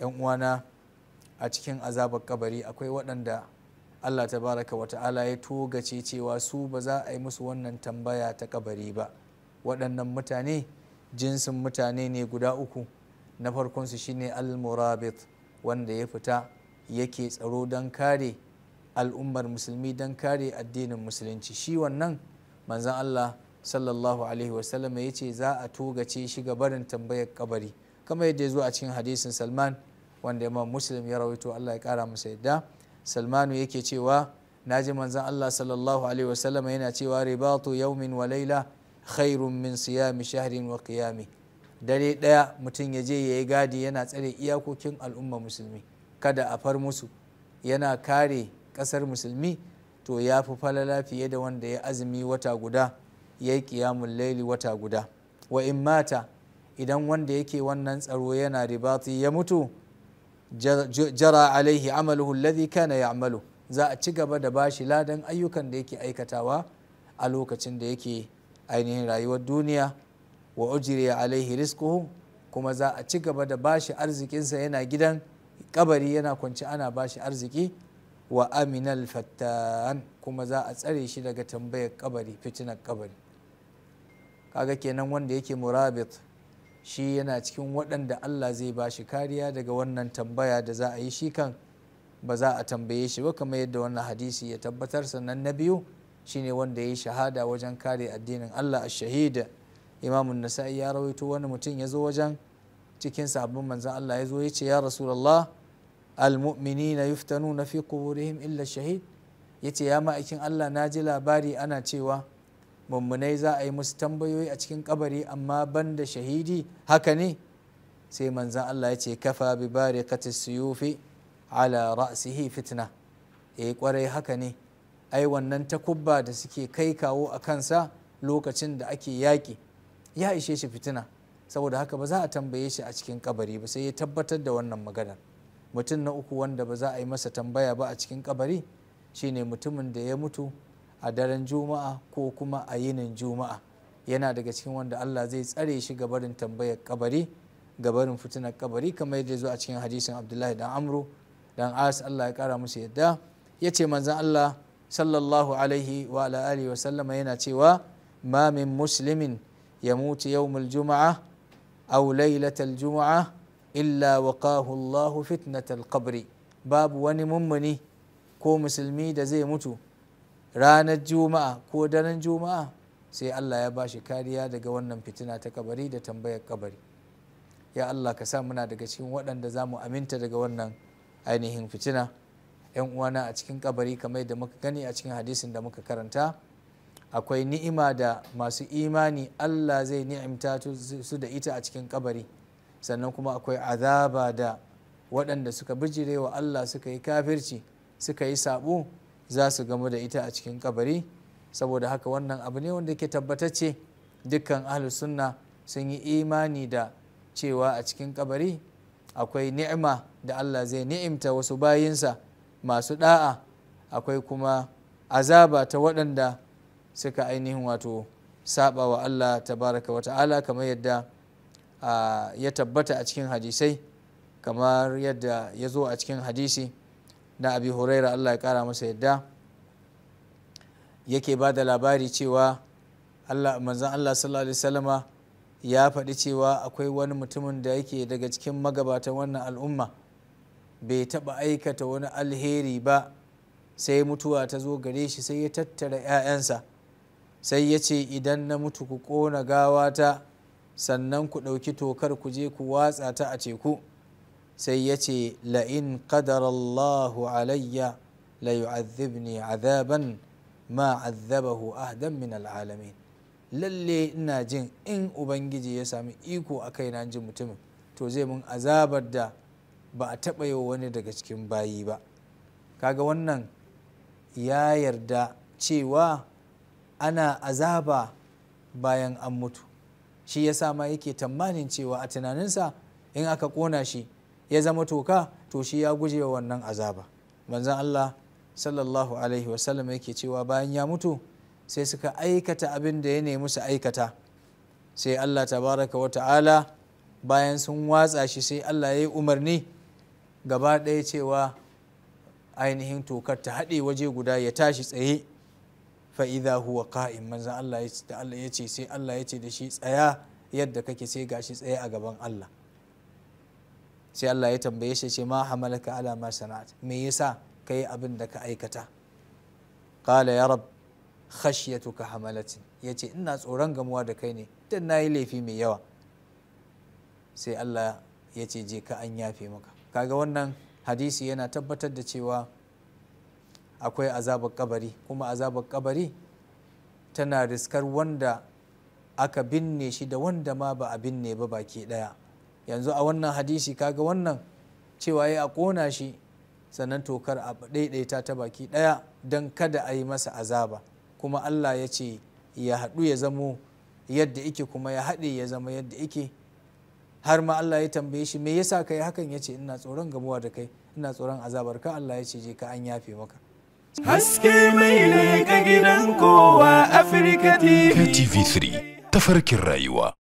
'yan uwana a cikin azabar kabari akwai waɗanda allah tabaraka wa ta'ala ya togace cewa su ba za a yi musu wannan tambaya ta kabari ba waɗannan mutane jinsin mutane ne guda uku na farkonsu shine al-murabit wanda ya fita yake tsaro don kare al'ummar musulmi don kare addinin musulunci shi wannan manzan allah sallallahu alaihi wasallam ya ce za a togace shi ga barin tambayar kabari kamar yadda ya zo a cikin hadisin salman wanda imam muslim ya rawaito Allah ya kara masa yadda salmanu yake cewa naji manzan Allah sallallahu alaihi wasallam yana cewa ribatu yawmin wa laila khairun min siyami shahrin wa qiyami dare daya mutum ya je yayi gadi yana tsare iyakokin al'umma musulmi kada a far musu yana kare kasar musulmi to ya fi falala fiye da wanda ya azumi wata guda ya yi kiyamun laili wata guda wa in mata idan wanda yake wannan tsaro yana ribatu ya mutu jara alaihi amaluhu alladhi kana ya'malu za a ci gaba da bashi ladan ayyukan da yake aikatawa a lokacin da yake ainihin rayuwar duniya wa ujriya alaihi rizquhu kuma za a ci gaba da bashi arzikinsa yana gidan kabari yana kwanci ana bashi arziki wa aminal fattan kuma za a tsare shi daga tambayar kabari fitinar kabari kaga kenan wanda yake murabit shi yana cikin waɗanda Allah zai ba shi kariya daga wannan tambaya da za a yi shi kan ba za a tambaye shi ba kamar yadda wannan hadisi ya tabbatar sannan na biyu shine wanda ya yi shahada wajen kare addinin Allah a shahida imamun nasa'i ya rawaito wani mutum ya zo wajen cikin sabbin manzan Allah ya zo ya ce ya rasulullah almu'minina yuftanuna fi quburihim illa shahid yace ya ma'aikin Allah na ji labari ana cewa mummunai za a yi musu tambayoyi a cikin kabari amma ban da shahidi haka ne sai manzan Allah ya ce kafa bi bari katis suyufi ala ra'sihi fitna eh kwarai haka ne ai wannan takubba da suke kai kawo a kansa lokacin da ake yaƙi ya ishe shi fitina saboda haka ba za a tambaye shi a cikin kabari ba sai ya tabbatar da wannan maganar mutum na uku wanda ba za a yi masa tambaya ba a cikin kabari shine mutumin da ya mutu a daren juma'a ko kuma a yinin juma'a yana daga cikin wanda allah zai tsare shi gabarin tambayar kabari gabarin fitinar kabari kamar yadda zo a cikin hadisin abdullahi dan amru dan as allah ya kara musu yadda ya ce manzan allah sallallahu alaihi wa wa sallama yana cewa ma min muslimin ya mutu yawmul juma'a aw lailatal juma'a illa waqahu allah fitnatal qabri babu wani mummuni ko musulmi da zai mutu ranar juma'a ko daren juma'a sai allah ya ba shi kariya daga wannan fitina ta kabari da tambayar kabari ya allah ka sa muna daga cikin waɗanda za mu aminta daga wannan ainihin fitina yan uwana a cikin kabari kamar da muka gani a cikin hadisin da muka karanta akwai ni'ima da masu imani allah zai ni'imta su da ita a cikin kabari sannan kuma akwai azaba da waɗanda suka bijirewa allah suka yi kafirci suka yi sabo za su gamu da ita a cikin kabari saboda haka wannan abu ne wanda ke tabbatacce dukkan ahlus sunna sun yi imani da cewa a cikin kabari akwai ni'ima da Allah zai ni'imta wasu bayinsa masu da'a akwai kuma azaba ta waɗanda suka ainihin wato saba wa Allah tabaraka wa ta'ala kamar yadda ah, ya tabbata a cikin hadisai kamar yadda ya zo a cikin hadisi na abi huraira allah ya kara masa yadda yake ba da labari cewa allah manzan allah sallallahu alaihi wasallama ya faɗi cewa akwai wani mutumin da yake daga cikin magabatan wannan al'umma bai taɓa aikata wani alheri ba sai mutuwa ta zo gare shi sai ya tattara 'ya'yansa sai ya ce idan na mutu ku ƙona gawata sannan ku ɗauki tokar ku je ku watsa ta a teku sai ya ce la'in qadarallahu alayya la yu'adhibni azaban ma azabahu ahdan min al'alamin lalle ina jin in ubangiji ya sami iko a kaina jin mutumin to zai mun azabar da ba a taɓa yi wani daga cikin bayi ba kaga wannan ya yarda cewa ana azaba bayan an mutu shi ya ma yake tamanin cewa a tunaninsa in aka ƙona shi ya zama toka to shi ya guje wa wannan azaba manzan Allah sallallahu alaihi wasallam yake cewa bayan ya mutu sai suka aikata abin da ya nemi su aikata sai Allah tabaraka wa ta'ala bayan sun watsa shi sai Allah ya yi umarni gaba ɗaya cewa ainihin tokar ta haɗe waje guda ya tashi tsaye fa'iza huwa ka'in manzan Allah ya ce sai Allah ya ce da shi tsaya yadda kake sai gashi tsaye a gaban Allah sai Allah ya tambaye shi ce ma hamalaka ala ma sana'at me yasa kai abin da ka aikata qala ya rab khashyatuka hamalati yace ina tsoron gamuwa da kai ne dan nayi laifi mai yawa sai Allah ya ce je ka an yafe maka kaga wannan hadisi yana tabbatar da cewa akwai azabar kabari kuma azabar kabari tana riskar wanda aka binne shi da wanda ma ba a binne ba baki daya yanzu a wannan hadisi kaga wannan cewa ya kona shi sannan tokar a ɗaiɗaita ta baki ɗaya don kada a yi masa azaba kuma allah ya ce ya haɗu ya zamo yadda ike kuma ya haɗe ya zama yadda ike har ma allah ya tambaye shi me yasa kai hakan ya ce ina tsoron gamuwa da kai ina tsoron azabar ka allah ya ce je ka an yafe maka haske mai ne gidan kowa afirka tv3 tafarkin rayuwa